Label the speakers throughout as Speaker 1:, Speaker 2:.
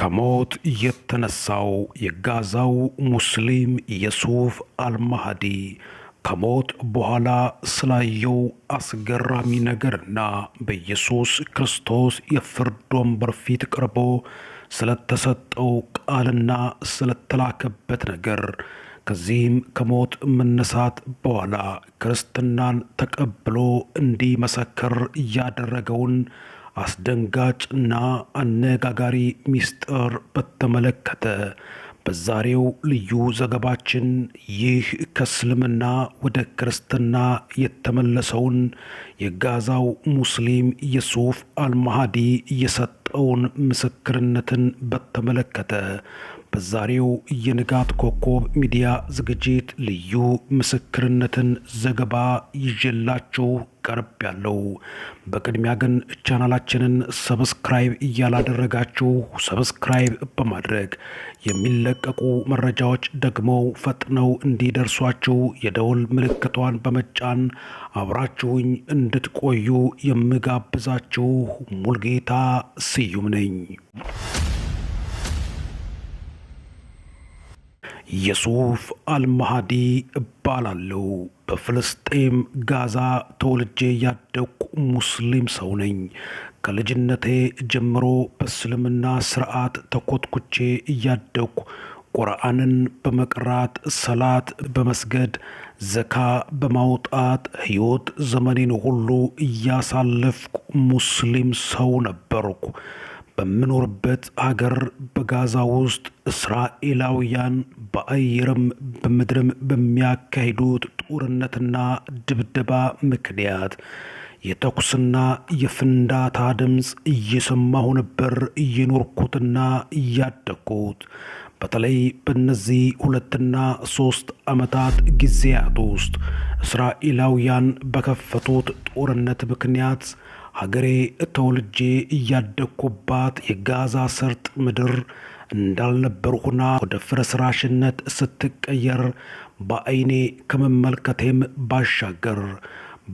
Speaker 1: ከሞት የተነሳው የጋዛው ሙስሊም የሱፍ አልማህዲ ከሞት በኋላ ስላየው አስገራሚ ነገርና በኢየሱስ ክርስቶስ የፍርድ ወንበር ፊት ቀርቦ ስለተሰጠው ቃልና ስለተላከበት ነገር ከዚህም ከሞት መነሳት በኋላ ክርስትናን ተቀብሎ እንዲመሰክር እያደረገውን አስደንጋጭና አነጋጋሪ ሚስጥር በተመለከተ በዛሬው ልዩ ዘገባችን ይህ ከእስልምና ወደ ክርስትና የተመለሰውን የጋዛው ሙስሊም የሱፍ አልማሃዲ የሰጠውን ምስክርነትን በተመለከተ በዛሬው የንጋት ኮከብ ሚዲያ ዝግጅት ልዩ ምስክርነትን ዘገባ ይዤላችሁ ቀርብ ያለው። በቅድሚያ ግን ቻናላችንን ሰብስክራይብ እያላደረጋችሁ ሰብስክራይብ በማድረግ የሚለቀቁ መረጃዎች ደግሞ ፈጥነው እንዲደርሷችሁ የደውል ምልክቷን በመጫን አብራችሁኝ እንድትቆዩ የምጋብዛችሁ ሙልጌታ ስዩም ነኝ። የሱፍ አልማሃዲ እባላለሁ። በፍልስጤም ጋዛ ተወልጄ ያደኩ ሙስሊም ሰው ነኝ። ከልጅነቴ ጀምሮ በእስልምና ስርዓት ተኮትኩቼ እያደኩ ቁርአንን በመቅራት ሰላት በመስገድ ዘካ በማውጣት ህይወት ዘመኔን ሁሉ እያሳለፍኩ ሙስሊም ሰው ነበርኩ። በምኖርበት አገር በጋዛ ውስጥ እስራኤላውያን በአየርም በምድርም በሚያካሂዱት ጦርነትና ድብደባ ምክንያት የተኩስና የፍንዳታ ድምፅ እየሰማሁ ነበር እየኖርኩትና እያደግኩት። በተለይ በእነዚህ ሁለትና ሶስት ዓመታት ጊዜያት ውስጥ እስራኤላውያን በከፈቱት ጦርነት ምክንያት ሀገሬ ተወልጄ እያደግኩባት የጋዛ ሰርጥ ምድር እንዳልነበር ሁና ወደ ፍርስራሽነት ስትቀየር በአይኔ ከመመልከቴም ባሻገር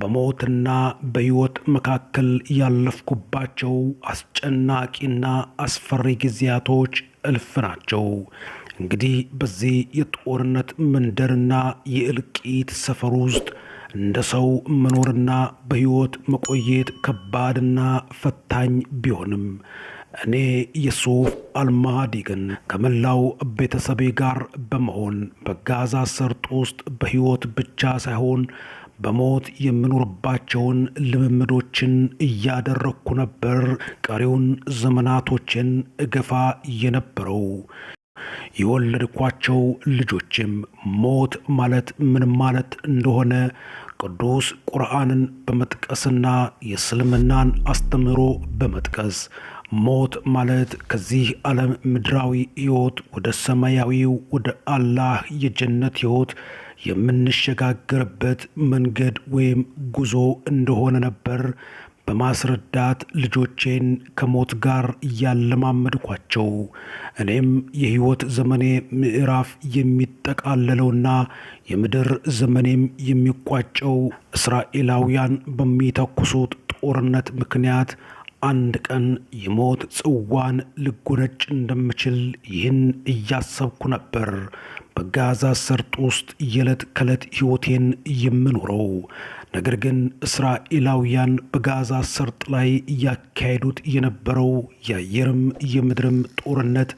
Speaker 1: በሞትና በሕይወት መካከል ያለፍኩባቸው አስጨናቂና አስፈሪ ጊዜያቶች እልፍ ናቸው። እንግዲህ በዚህ የጦርነት መንደርና የእልቂት ሰፈር ውስጥ እንደ ሰው መኖርና በሕይወት መቆየት ከባድና ፈታኝ ቢሆንም እኔ የሱፍ አልማህዲ ግን ከመላው ቤተሰቤ ጋር በመሆን በጋዛ ሰርጥ ውስጥ በሕይወት ብቻ ሳይሆን በሞት የምኖርባቸውን ልምምዶችን እያደረግኩ ነበር ቀሪውን ዘመናቶችን እገፋ የነበረው። የወለድኳቸው ልጆችም ሞት ማለት ምን ማለት እንደሆነ ቅዱስ ቁርአንን በመጥቀስና የእስልምናን አስተምህሮ በመጥቀስ ሞት ማለት ከዚህ ዓለም ምድራዊ ሕይወት ወደ ሰማያዊው ወደ አላህ የጀነት ሕይወት የምንሸጋገርበት መንገድ ወይም ጉዞ እንደሆነ ነበር። በማስረዳት ልጆቼን ከሞት ጋር እያለማመድኳቸው እኔም የሕይወት ዘመኔ ምዕራፍ የሚጠቃለለውና የምድር ዘመኔም የሚቋጨው እስራኤላውያን በሚተኩሱት ጦርነት ምክንያት አንድ ቀን የሞት ጽዋን ልጎነጭ እንደምችል ይህን እያሰብኩ ነበር። በጋዛ ሰርጥ ውስጥ የዕለት ከዕለት ሕይወቴን የምኖረው። ነገር ግን እስራኤላውያን በጋዛ ሰርጥ ላይ እያካሄዱት የነበረው የአየርም የምድርም ጦርነት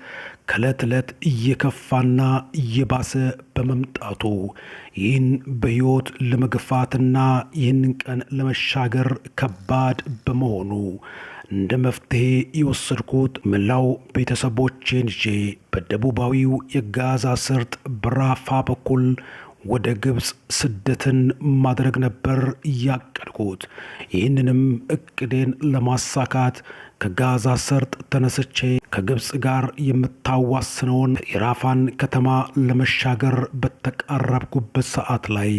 Speaker 1: ከዕለት ዕለት እየከፋና እየባሰ በመምጣቱ ይህን በሕይወት ለመግፋትና ይህንን ቀን ለመሻገር ከባድ በመሆኑ እንደ መፍትሄ የወሰድኩት መላው ቤተሰቦቼን ይዤ በደቡባዊው የጋዛ ሰርጥ በራፋ በኩል ወደ ግብፅ ስደትን ማድረግ ነበር እያቀድኩት ይህንንም እቅዴን ለማሳካት ከጋዛ ሰርጥ ተነስቼ ከግብፅ ጋር የምታዋስነውን የራፋን ከተማ ለመሻገር በተቃረብኩበት ሰዓት ላይ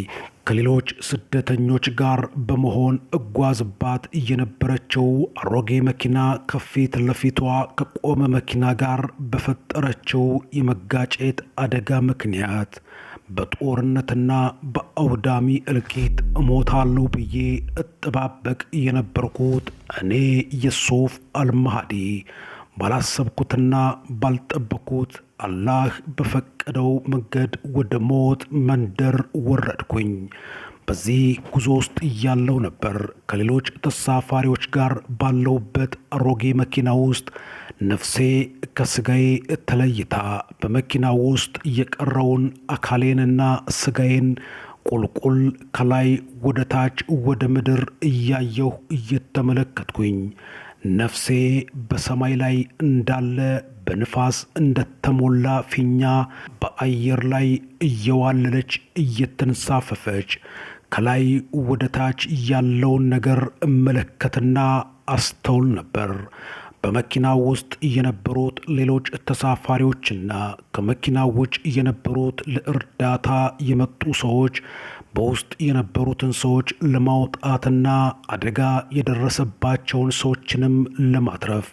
Speaker 1: ከሌሎች ስደተኞች ጋር በመሆን እጓዝባት የነበረችው አሮጌ መኪና ከፊት ለፊቷ ከቆመ መኪና ጋር በፈጠረችው የመጋጨት አደጋ ምክንያት በጦርነትና በአውዳሚ እልቂት እሞታለሁ ብዬ እጠባበቅ የነበርኩት እኔ የሱፍ አልማሃዲ ባላሰብኩትና ባልጠበኩት አላህ በፈቀደው መንገድ ወደ ሞት መንደር ወረድኩኝ። በዚህ ጉዞ ውስጥ እያለው ነበር ከሌሎች ተሳፋሪዎች ጋር ባለውበት አሮጌ መኪና ውስጥ ነፍሴ ከስጋዬ ተለይታ በመኪና ውስጥ የቀረውን አካሌንና ስጋዬን ቁልቁል ከላይ ወደ ታች ወደ ምድር እያየሁ እየተመለከትኩኝ ነፍሴ በሰማይ ላይ እንዳለ በንፋስ እንደተሞላ ፊኛ በአየር ላይ እየዋለለች እየተንሳፈፈች ከላይ ወደ ታች ያለውን ነገር እመለከትና አስተውል ነበር። በመኪናው ውስጥ የነበሩት ሌሎች ተሳፋሪዎችና ከመኪናው ውጭ የነበሩት ለእርዳታ የመጡ ሰዎች በውስጥ የነበሩትን ሰዎች ለማውጣትና አደጋ የደረሰባቸውን ሰዎችንም ለማትረፍ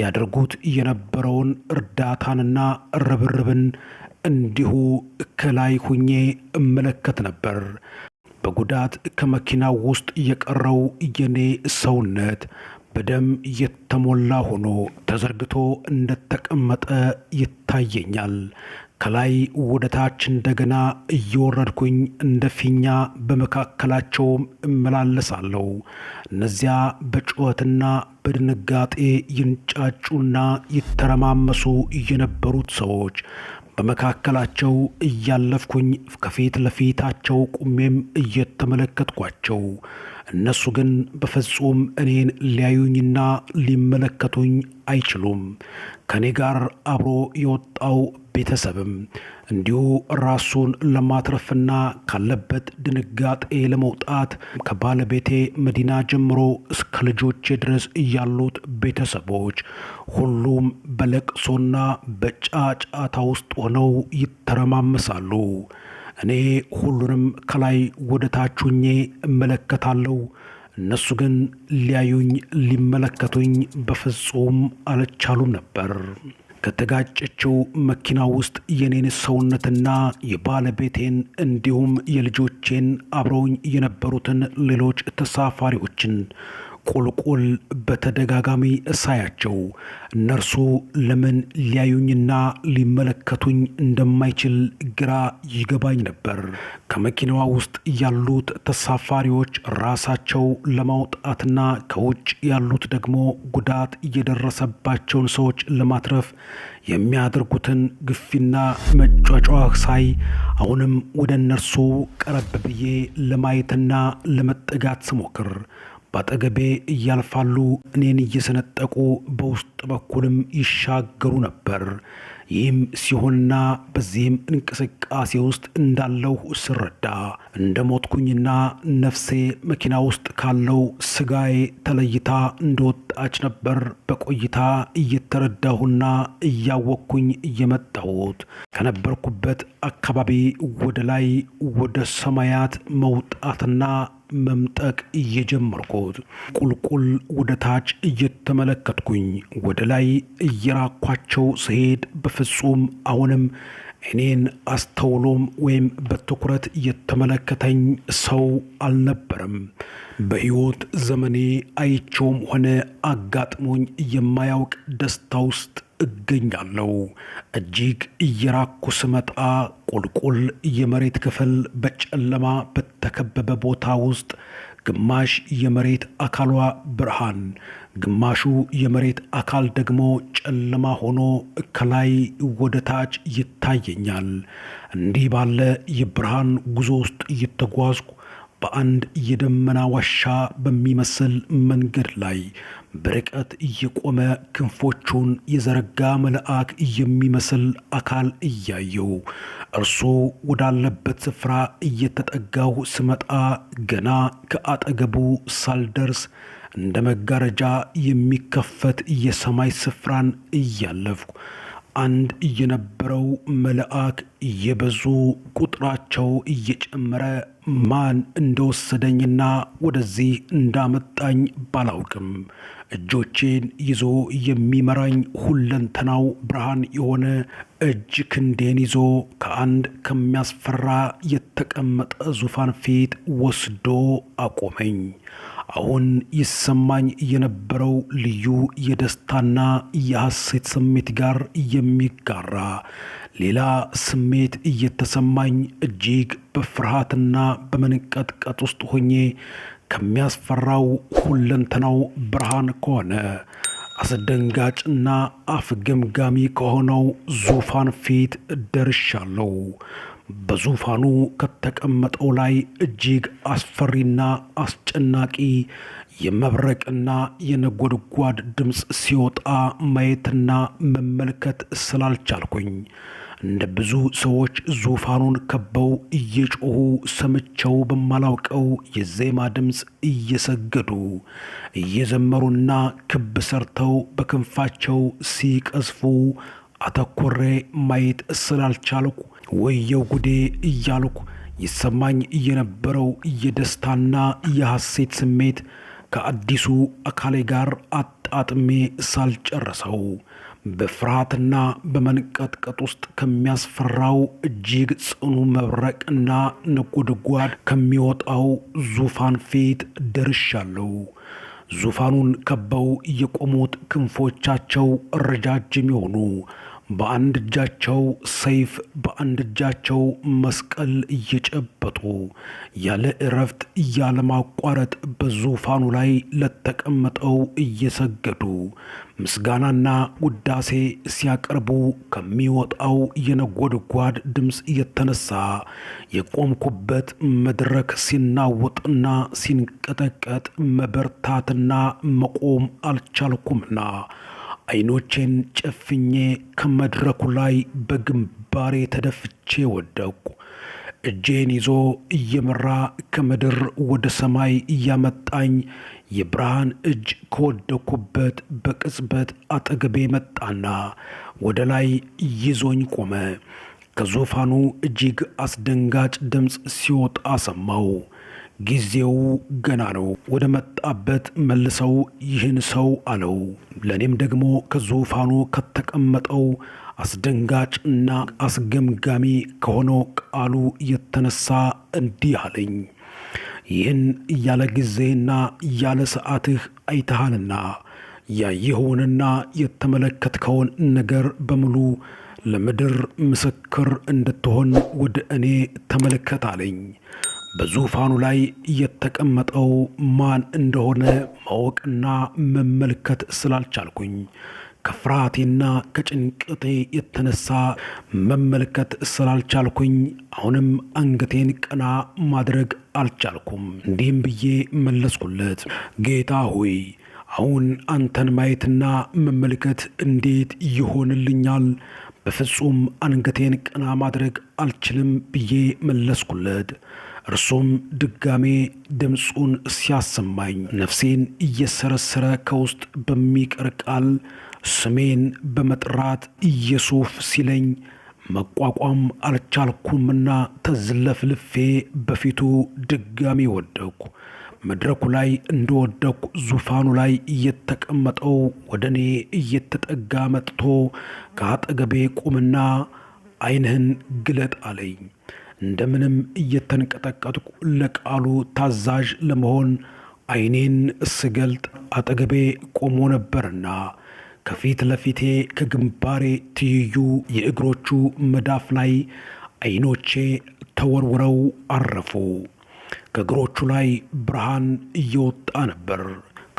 Speaker 1: ያደርጉት የነበረውን እርዳታንና ርብርብን እንዲሁ ከላይ ሁኜ እመለከት ነበር። በጉዳት ከመኪናው ውስጥ የቀረው የኔ ሰውነት በደም የተሞላ ሆኖ ተዘርግቶ እንደተቀመጠ ይታየኛል። ከላይ ወደ ታች እንደገና እየወረድኩኝ እንደ ፊኛ በመካከላቸውም እመላለሳለሁ። እነዚያ በጩኸትና በድንጋጤ ይንጫጩና ይተረማመሱ የነበሩት ሰዎች በመካከላቸው እያለፍኩኝ ከፊት ለፊታቸው ቁሜም እየተመለከትኳቸው፣ እነሱ ግን በፍጹም እኔን ሊያዩኝና ሊመለከቱኝ አይችሉም። ከእኔ ጋር አብሮ የወጣው ቤተሰብም እንዲሁ ራሱን ለማትረፍና ካለበት ድንጋጤ ለመውጣት ከባለቤቴ መዲና ጀምሮ እስከ ልጆቼ ድረስ ያሉት ቤተሰቦች ሁሉም በለቅሶና በጫጫታ ውስጥ ሆነው ይተረማመሳሉ። እኔ ሁሉንም ከላይ ወደ ታች ሆኜ እመለከታለሁ። እነሱ ግን ሊያዩኝ ሊመለከቱኝ በፍጹም አልቻሉም ነበር። ከተጋጨችው መኪና ውስጥ የኔን ሰውነትና የባለቤቴን እንዲሁም የልጆቼን አብረውኝ የነበሩትን ሌሎች ተሳፋሪዎችን ቁልቁል በተደጋጋሚ ሳያቸው እነርሱ ለምን ሊያዩኝና ሊመለከቱኝ እንደማይችል ግራ ይገባኝ ነበር። ከመኪናዋ ውስጥ ያሉት ተሳፋሪዎች ራሳቸው ለማውጣትና ከውጭ ያሉት ደግሞ ጉዳት የደረሰባቸውን ሰዎች ለማትረፍ የሚያደርጉትን ግፊና መጯጫህ ሳይ አሁንም ወደ እነርሱ ቀረብ ብዬ ለማየትና ለመጠጋት ስሞክር በአጠገቤ እያልፋሉ እኔን እየሰነጠቁ በውስጥ በኩልም ይሻገሩ ነበር። ይህም ሲሆንና በዚህም እንቅስቃሴ ውስጥ እንዳለሁ ስረዳ እንደ ሞትኩኝና ነፍሴ መኪና ውስጥ ካለው ስጋዬ ተለይታ እንደወጣች ነበር በቆይታ እየተረዳሁና እያወቅኩኝ እየመጣሁት ከነበርኩበት አካባቢ ወደ ላይ ወደ ሰማያት መውጣትና መምጠቅ እየጀመርኩት ቁልቁል ወደ ታች እየተመለከትኩኝ ወደ ላይ እየራኳቸው ስሄድ በፍጹም አሁንም እኔን አስተውሎም ወይም በትኩረት የተመለከተኝ ሰው አልነበረም። በሕይወት ዘመኔ አይቼውም ሆነ አጋጥሞኝ የማያውቅ ደስታ ውስጥ እገኛለሁ። እጅግ እየራኩ ስመጣ ቁልቁል የመሬት ክፍል በጨለማ በተከበበ ቦታ ውስጥ ግማሽ የመሬት አካሏ ብርሃን፣ ግማሹ የመሬት አካል ደግሞ ጨለማ ሆኖ ከላይ ወደ ታች ይታየኛል። እንዲህ ባለ የብርሃን ጉዞ ውስጥ እየተጓዝኩ በአንድ የደመና ዋሻ በሚመስል መንገድ ላይ በርቀት እየቆመ ክንፎቹን የዘረጋ መልአክ የሚመስል አካል እያየው እርሱ ወዳለበት ስፍራ እየተጠጋሁ ስመጣ ገና ከአጠገቡ ሳልደርስ እንደ መጋረጃ የሚከፈት የሰማይ ስፍራን እያለፍኩ አንድ የነበረው መልአክ እየበዙ ቁጥራቸው እየጨመረ ማን እንደወሰደኝና ወደዚህ እንዳመጣኝ ባላውቅም እጆቼን ይዞ የሚመራኝ ሁለንተናው ብርሃን የሆነ እጅ ክንዴን ይዞ ከአንድ ከሚያስፈራ የተቀመጠ ዙፋን ፊት ወስዶ አቆመኝ። አሁን ይሰማኝ የነበረው ልዩ የደስታና የሐሴት ስሜት ጋር የሚጋራ ሌላ ስሜት እየተሰማኝ እጅግ በፍርሃትና በመንቀጥቀጥ ውስጥ ሆኜ ከሚያስፈራው ሁለንተናው ብርሃን ከሆነ አስደንጋጭና አፍገምጋሚ ከሆነው ዙፋን ፊት ደርሻለሁ። በዙፋኑ ከተቀመጠው ላይ እጅግ አስፈሪና አስጨናቂ የመብረቅና የነጎድጓድ ድምፅ ሲወጣ ማየትና መመልከት ስላልቻልኩኝ እንደ ብዙ ሰዎች ዙፋኑን ከበው እየጮሁ ሰምቸው በማላውቀው የዜማ ድምፅ እየሰገዱ እየዘመሩና ክብ ሰርተው በክንፋቸው ሲቀዝፉ አተኮሬ ማየት ስላልቻልኩ ወየው ጉዴ እያልኩ ይሰማኝ የነበረው የደስታና የሐሴት ስሜት ከአዲሱ አካሌ ጋር አጣጥሜ ሳልጨረሰው በፍርሃትና በመንቀጥቀጥ ውስጥ ከሚያስፈራው እጅግ ጽኑ መብረቅና ነጎድጓድ ከሚወጣው ዙፋን ፊት ደርሻለሁ። ዙፋኑን ከበው የቆሙት ክንፎቻቸው ረጃጅም የሆኑ በአንድ እጃቸው ሰይፍ በአንድ እጃቸው መስቀል እየጨበጡ ያለ እረፍት ያለማቋረጥ በዙፋኑ ላይ ለተቀመጠው እየሰገዱ ምስጋናና ውዳሴ ሲያቀርቡ ከሚወጣው የነጎድጓድ ድምፅ የተነሳ የቆምኩበት መድረክ ሲናወጥና ሲንቀጠቀጥ መበርታትና መቆም አልቻልኩምና አይኖቼን ጨፍኜ ከመድረኩ ላይ በግንባሬ ተደፍቼ ወደቁ። እጄን ይዞ እየመራ ከምድር ወደ ሰማይ እያመጣኝ የብርሃን እጅ ከወደኩበት በቅጽበት አጠገቤ መጣና ወደ ላይ ይዞኝ ቆመ። ከዙፋኑ እጅግ አስደንጋጭ ድምፅ ሲወጣ ሰማው። ጊዜው ገና ነው። ወደ መጣበት መልሰው ይህን ሰው አለው። ለእኔም ደግሞ ከዙፋኑ ከተቀመጠው አስደንጋጭ እና አስገምጋሚ ከሆነው ቃሉ የተነሳ እንዲህ አለኝ። ይህን ያለ ጊዜና ያለ ሰዓትህ አይተሃልና ያየኸውንና የተመለከትከውን ነገር በሙሉ ለምድር ምስክር እንድትሆን ወደ እኔ ተመልከት አለኝ። በዙፋኑ ላይ የተቀመጠው ማን እንደሆነ ማወቅና መመልከት ስላልቻልኩኝ ከፍርሃቴና ከጭንቀቴ የተነሳ መመልከት ስላልቻልኩኝ አሁንም አንገቴን ቀና ማድረግ አልቻልኩም። እንዲህም ብዬ መለስኩለት፣ ጌታ ሆይ አሁን አንተን ማየትና መመልከት እንዴት ይሆንልኛል? በፍጹም አንገቴን ቀና ማድረግ አልችልም ብዬ መለስኩለት። እርሱም ድጋሜ ድምፁን ሲያሰማኝ ነፍሴን እየሰረሰረ ከውስጥ በሚቀር ቃል ስሜን በመጥራት ኢየሱፍ ሲለኝ መቋቋም አልቻልኩምና ተዝለፍልፌ በፊቱ ድጋሜ ወደቅኩ። መድረኩ ላይ እንደወደቅኩ ዙፋኑ ላይ እየተቀመጠው ወደ እኔ እየተጠጋ መጥቶ ከአጠገቤ ቁምና ዓይንህን ግለጥ አለኝ። እንደምንም እየተንቀጠቀጥኩ ለቃሉ ታዛዥ ለመሆን ዓይኔን ስገልጥ አጠገቤ ቆሞ ነበርና ከፊት ለፊቴ ከግንባሬ ትይዩ የእግሮቹ መዳፍ ላይ ዓይኖቼ ተወርውረው አረፉ። ከእግሮቹ ላይ ብርሃን እየወጣ ነበር።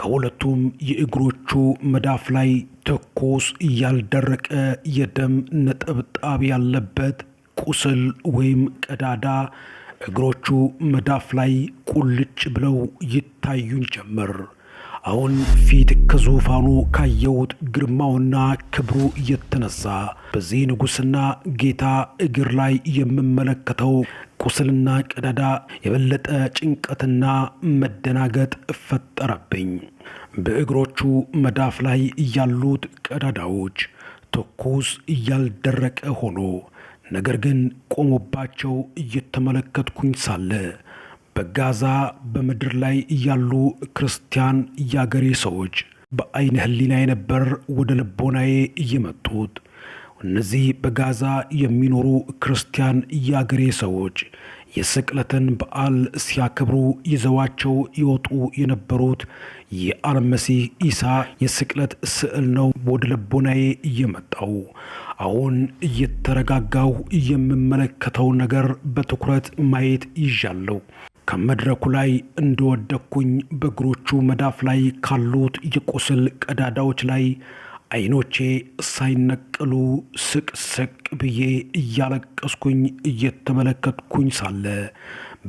Speaker 1: ከሁለቱም የእግሮቹ መዳፍ ላይ ትኩስ ያልደረቀ የደም ነጠብጣብ ያለበት ቁስል ወይም ቀዳዳ እግሮቹ መዳፍ ላይ ቁልጭ ብለው ይታዩን ጀመር። አሁን ፊት ከዙፋኑ ካየሁት ግርማውና ክብሩ እየተነሳ በዚህ ንጉሥና ጌታ እግር ላይ የምመለከተው ቁስልና ቀዳዳ የበለጠ ጭንቀትና መደናገጥ እፈጠረብኝ! በእግሮቹ መዳፍ ላይ ያሉት ቀዳዳዎች ትኩስ እያልደረቀ ሆኖ ነገር ግን ቆሞባቸው እየተመለከትኩኝ ሳለ በጋዛ በምድር ላይ ያሉ ክርስቲያን ያገሬ ሰዎች በአይነ ህሊናዬ ነበር ወደ ልቦናዬ እየመጡት። እነዚህ በጋዛ የሚኖሩ ክርስቲያን ያገሬ ሰዎች የስቅለትን በዓል ሲያከብሩ ይዘዋቸው ይወጡ የነበሩት የአለመሲህ ኢሳ የስቅለት ስዕል ነው ወደ ልቦናዬ እየመጣው አሁን እየተረጋጋሁ የምመለከተው ነገር በትኩረት ማየት ይዣለሁ። ከመድረኩ ላይ እንደወደኩኝ በእግሮቹ መዳፍ ላይ ካሉት የቁስል ቀዳዳዎች ላይ አይኖቼ ሳይነቀሉ ስቅ ስቅ ብዬ እያለቀስኩኝ እየተመለከትኩኝ ሳለ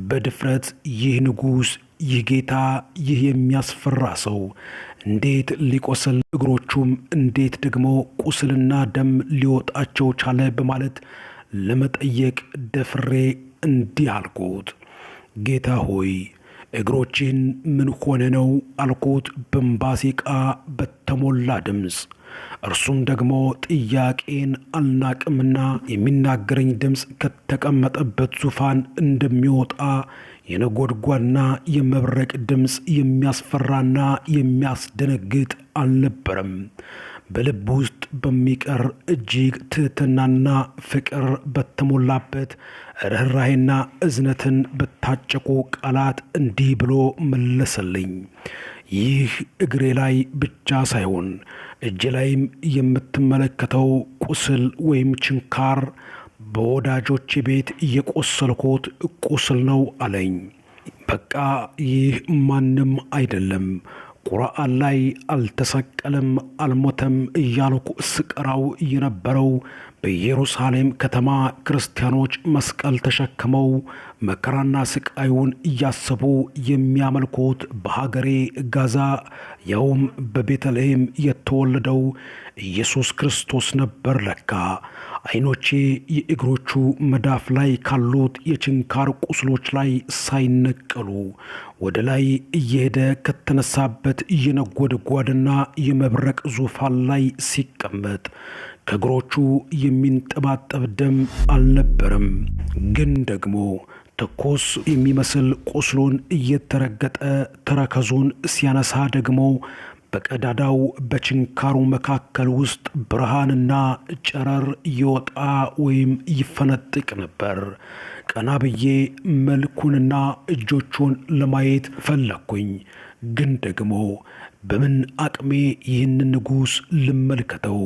Speaker 1: በድፍረት ይህ ንጉሥ፣ ይህ ጌታ፣ ይህ የሚያስፈራ ሰው እንዴት ሊቆስል እግሮቹም እንዴት ደግሞ ቁስልና ደም ሊወጣቸው ቻለ? በማለት ለመጠየቅ ደፍሬ እንዲህ አልኩት፣ ጌታ ሆይ እግሮችን ምን ሆነ ነው አልኩት፣ ቃ በተሞላ ድምፅ። እርሱም ደግሞ ጥያቄን አልናቅምና የሚናገረኝ ድምፅ ከተቀመጠበት ዙፋን እንደሚወጣ የነጎድጓድና የመብረቅ ድምፅ የሚያስፈራና የሚያስደነግጥ አልነበረም። በልብ ውስጥ በሚቀር እጅግ ትህትናና ፍቅር በተሞላበት ርኅራሄና እዝነትን በታጨቁ ቃላት እንዲህ ብሎ መለሰልኝ። ይህ እግሬ ላይ ብቻ ሳይሆን እጅ ላይም የምትመለከተው ቁስል ወይም ችንካር በወዳጆች ቤት የቆሰልኮት ቁስል ነው አለኝ። በቃ ይህ ማንም አይደለም፣ ቁርአን ላይ አልተሰቀለም፣ አልሞተም እያልኩ ስቀራው የነበረው በኢየሩሳሌም ከተማ ክርስቲያኖች መስቀል ተሸክመው መከራና ስቃዩን እያሰቡ የሚያመልኩት በሀገሬ ጋዛ ያውም በቤተልሔም የተወለደው ኢየሱስ ክርስቶስ ነበር ለካ አይኖቼ የእግሮቹ መዳፍ ላይ ካሉት የችንካር ቁስሎች ላይ ሳይነቀሉ ወደ ላይ እየሄደ ከተነሳበት የነጎድጓድና የመብረቅ ዙፋን ላይ ሲቀመጥ ከእግሮቹ የሚንጠባጠብ ደም አልነበረም። ግን ደግሞ ትኩስ የሚመስል ቁስሉን እየተረገጠ ተረከዙን ሲያነሳ ደግሞ በቀዳዳው በችንካሩ መካከል ውስጥ ብርሃንና ጨረር ይወጣ ወይም ይፈነጥቅ ነበር። ቀና ብዬ መልኩንና እጆቹን ለማየት ፈለግኩኝ። ግን ደግሞ በምን አቅሜ ይህን ንጉሥ ልመልከተው?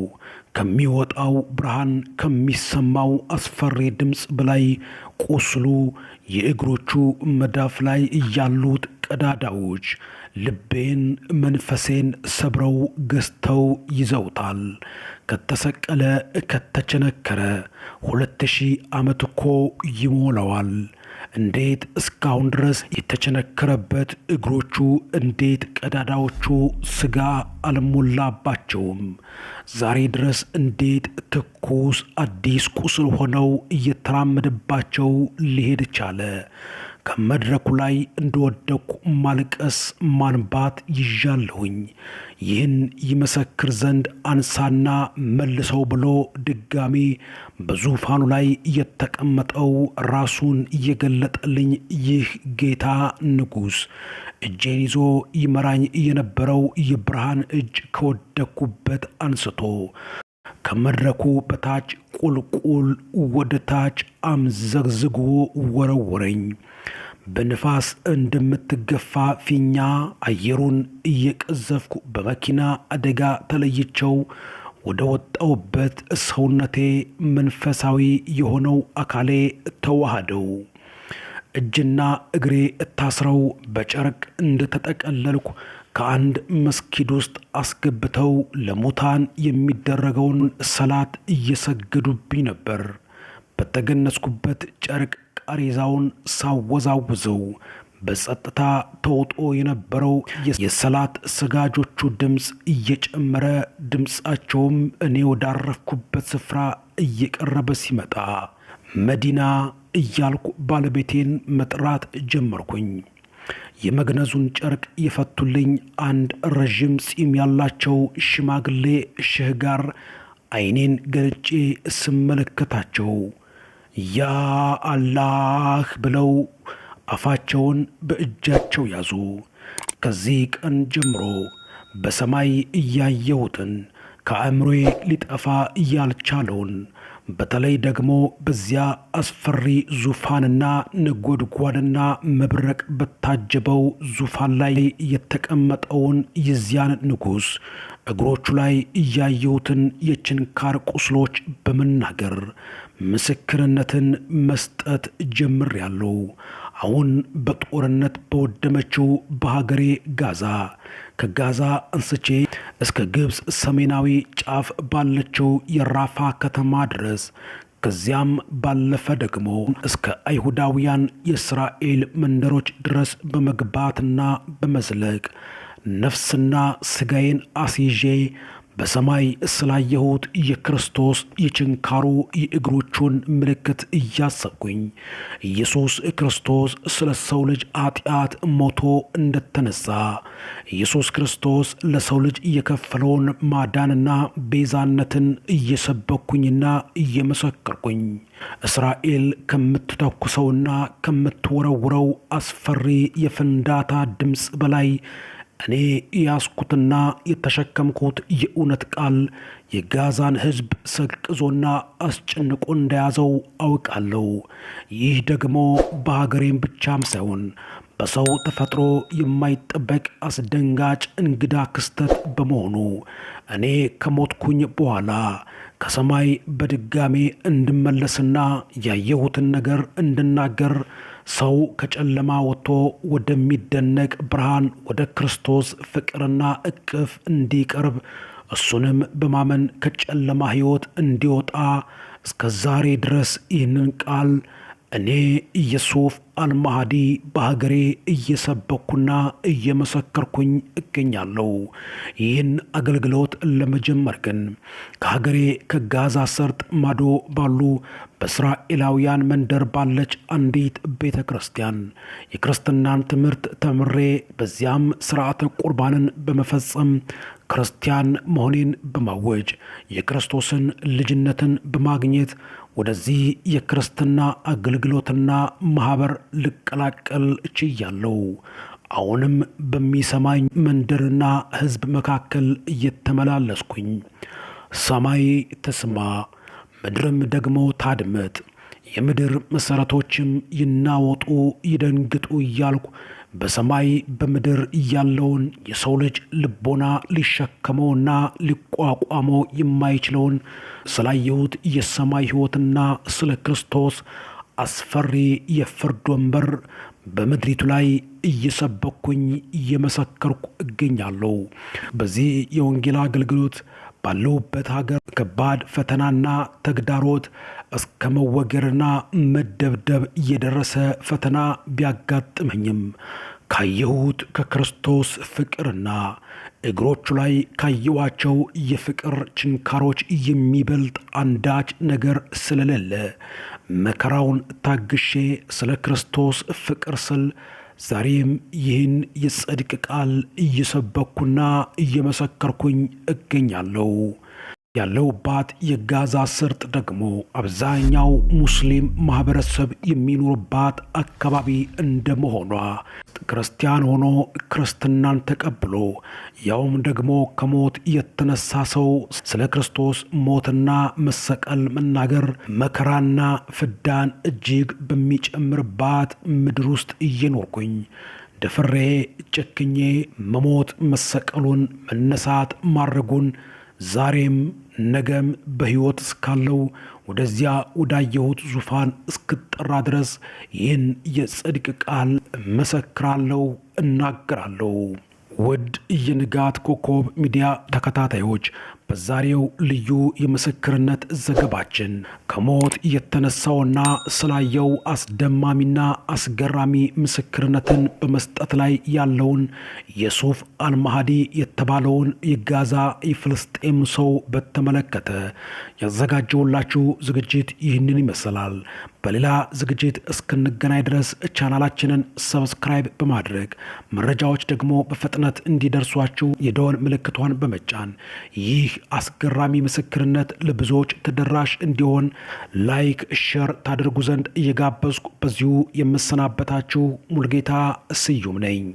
Speaker 1: ከሚወጣው ብርሃን፣ ከሚሰማው አስፈሪ ድምፅ በላይ ቁስሉ፣ የእግሮቹ መዳፍ ላይ እያሉት ቀዳዳዎች ልቤን መንፈሴን ሰብረው ገዝተው ይዘውታል። ከተሰቀለ ከተቸነከረ ሁለት ሺህ ዓመት እኮ ይሞላዋል። እንዴት እስካሁን ድረስ የተቸነከረበት እግሮቹ እንዴት ቀዳዳዎቹ ስጋ አልሞላባቸውም? ዛሬ ድረስ እንዴት ትኩስ አዲስ ቁስል ሆነው እየተራመደባቸው ሊሄድ ቻለ? ከመድረኩ ላይ እንደወደኩ ማልቀስ፣ ማንባት ይዣለሁኝ። ይህን ይመሰክር ዘንድ አንሳና መልሰው ብሎ ድጋሚ በዙፋኑ ላይ የተቀመጠው ራሱን እየገለጠልኝ ይህ ጌታ ንጉሥ እጄን ይዞ ይመራኝ የነበረው የብርሃን እጅ ከወደኩበት አንስቶ ከመድረኩ በታች ቁልቁል ወደ ታች አምዘግዝጎ ወረወረኝ። በንፋስ እንደምትገፋ ፊኛ አየሩን እየቀዘፍኩ በመኪና አደጋ ተለይቸው ወደ ወጣውበት ሰውነቴ መንፈሳዊ የሆነው አካሌ ተዋሃደው። እጅና እግሬ እታስረው በጨርቅ እንደተጠቀለልኩ ከአንድ መስጊድ ውስጥ አስገብተው ለሙታን የሚደረገውን ሰላት እየሰገዱብኝ ነበር። በተገነዝኩበት ጨርቅ ቀሬዛውን ሳወዛውዘው በጸጥታ ተውጦ የነበረው የሰላት ሰጋጆቹ ድምፅ እየጨመረ ድምፃቸውም እኔ ወዳረፍኩበት ስፍራ እየቀረበ ሲመጣ መዲና እያልኩ ባለቤቴን መጥራት ጀመርኩኝ። የመግነዙን ጨርቅ የፈቱልኝ አንድ ረዥም ፂም ያላቸው ሽማግሌ ሽህ ጋር አይኔን ገልጬ ስመለከታቸው ያ አላህ ብለው አፋቸውን በእጃቸው ያዙ። ከዚህ ቀን ጀምሮ በሰማይ እያየሁትን ከአእምሮዬ ሊጠፋ እያልቻለውን በተለይ ደግሞ በዚያ አስፈሪ ዙፋንና ነጎድጓድና መብረቅ በታጀበው ዙፋን ላይ የተቀመጠውን የዚያን ንጉሥ እግሮቹ ላይ እያየሁትን የችንካር ቁስሎች በመናገር ምስክርነትን መስጠት ጀምሬያለሁ። አሁን በጦርነት በወደመችው በሀገሬ ጋዛ ከጋዛ አንስቼ እስከ ግብፅ ሰሜናዊ ጫፍ ባለችው የራፋ ከተማ ድረስ ከዚያም ባለፈ ደግሞ እስከ አይሁዳውያን የእስራኤል መንደሮች ድረስ በመግባትና በመዝለቅ ነፍስና ስጋዬን አስይዤ በሰማይ ስላየሁት የክርስቶስ የችንካሩ የእግሮቹን ምልክት እያሰብኩኝ ኢየሱስ ክርስቶስ ስለ ሰው ልጅ ኃጢአት ሞቶ እንደተነሳ ኢየሱስ ክርስቶስ ለሰው ልጅ የከፈለውን ማዳንና ቤዛነትን እየሰበኩኝና እየመሰከርኩኝ እስራኤል ከምትተኩሰውና ከምትወረውረው አስፈሪ የፍንዳታ ድምፅ በላይ እኔ ያስኩትና የተሸከምኩት የእውነት ቃል የጋዛን ሕዝብ ሰቅዞና አስጨንቆ እንደያዘው አውቃለሁ። ይህ ደግሞ በሀገሬም ብቻም ሳይሆን በሰው ተፈጥሮ የማይጠበቅ አስደንጋጭ እንግዳ ክስተት በመሆኑ እኔ ከሞትኩኝ በኋላ ከሰማይ በድጋሜ እንድመለስና ያየሁትን ነገር እንድናገር ሰው ከጨለማ ወጥቶ ወደሚደነቅ ብርሃን ወደ ክርስቶስ ፍቅርና እቅፍ እንዲቀርብ እሱንም በማመን ከጨለማ ሕይወት እንዲወጣ እስከ ዛሬ ድረስ ይህንን ቃል እኔ የሱፍ አልማሃዲ በሀገሬ እየሰበኩና እየመሰከርኩኝ እገኛለሁ። ይህን አገልግሎት ለመጀመር ግን ከሀገሬ ከጋዛ ሰርጥ ማዶ ባሉ በእስራኤላውያን መንደር ባለች አንዲት ቤተ ክርስቲያን የክርስትናን ትምህርት ተምሬ በዚያም ስርዓተ ቁርባንን በመፈጸም ክርስቲያን መሆኔን በማወጅ የክርስቶስን ልጅነትን በማግኘት ወደዚህ የክርስትና አገልግሎትና ማኅበር ልቀላቀል ችያለሁ። አሁንም በሚሰማኝ መንደርና ሕዝብ መካከል እየተመላለስኩኝ ሰማይ ትስማ፣ ምድርም ደግሞ ታድመጥ፣ የምድር መሠረቶችም ይናወጡ፣ ይደንግጡ እያልኩ በሰማይ በምድር ያለውን የሰው ልጅ ልቦና ሊሸከመውና ሊቋቋመው የማይችለውን ስላየሁት የሰማይ ሕይወትና ስለ ክርስቶስ አስፈሪ የፍርድ ወንበር በምድሪቱ ላይ እየሰበኩኝ እየመሰከርኩ እገኛለሁ። በዚህ የወንጌል አገልግሎት ባለሁበት ሀገር ከባድ ፈተናና ተግዳሮት እስከ መወገርና መደብደብ እየደረሰ ፈተና ቢያጋጥመኝም ካየሁት ከክርስቶስ ፍቅርና እግሮቹ ላይ ካየኋቸው የፍቅር ችንካሮች የሚበልጥ አንዳች ነገር ስለሌለ መከራውን ታግሼ ስለ ክርስቶስ ፍቅር ስል ዛሬም ይህን የጽድቅ ቃል እየሰበኩና እየመሰከርኩኝ እገኛለሁ። ያለውባት የጋዛ ሰርጥ ደግሞ አብዛኛው ሙስሊም ማህበረሰብ የሚኖርባት አካባቢ እንደመሆኗ ክርስቲያን ሆኖ ክርስትናን ተቀብሎ ያውም ደግሞ ከሞት የተነሳ ሰው ስለ ክርስቶስ ሞትና መሰቀል መናገር መከራና ፍዳን እጅግ በሚጨምርባት ምድር ውስጥ እየኖርኩኝ ደፍሬ ጨክኜ መሞት መሰቀሉን መነሳት ማድረጉን ዛሬም ነገም በሕይወት እስካለው ወደዚያ ወዳየሁት ዙፋን እስክጠራ ድረስ ይህን የጽድቅ ቃል መሰክራለሁ፣ እናገራለሁ። ውድ የንጋት ኮከብ ሚዲያ ተከታታዮች በዛሬው ልዩ የምስክርነት ዘገባችን ከሞት የተነሳውና ስላየው አስደማሚና አስገራሚ ምስክርነትን በመስጠት ላይ ያለውን የሱፍ አልማሃዲ የተባለውን የጋዛ የፍልስጤም ሰው በተመለከተ ያዘጋጀውላችሁ ዝግጅት ይህንን ይመስላል። በሌላ ዝግጅት እስክንገናኝ ድረስ ቻናላችንን ሰብስክራይብ በማድረግ መረጃዎች ደግሞ በፍጥነት እንዲደርሷችሁ የደወል ምልክቷን በመጫን ይህ አስገራሚ ምስክርነት ለብዙዎች ተደራሽ እንዲሆን ላይክ፣ ሸር ታደርጉ ዘንድ እየጋበዝኩ በዚሁ የምሰናበታችሁ ሙልጌታ ስዩም ነኝ።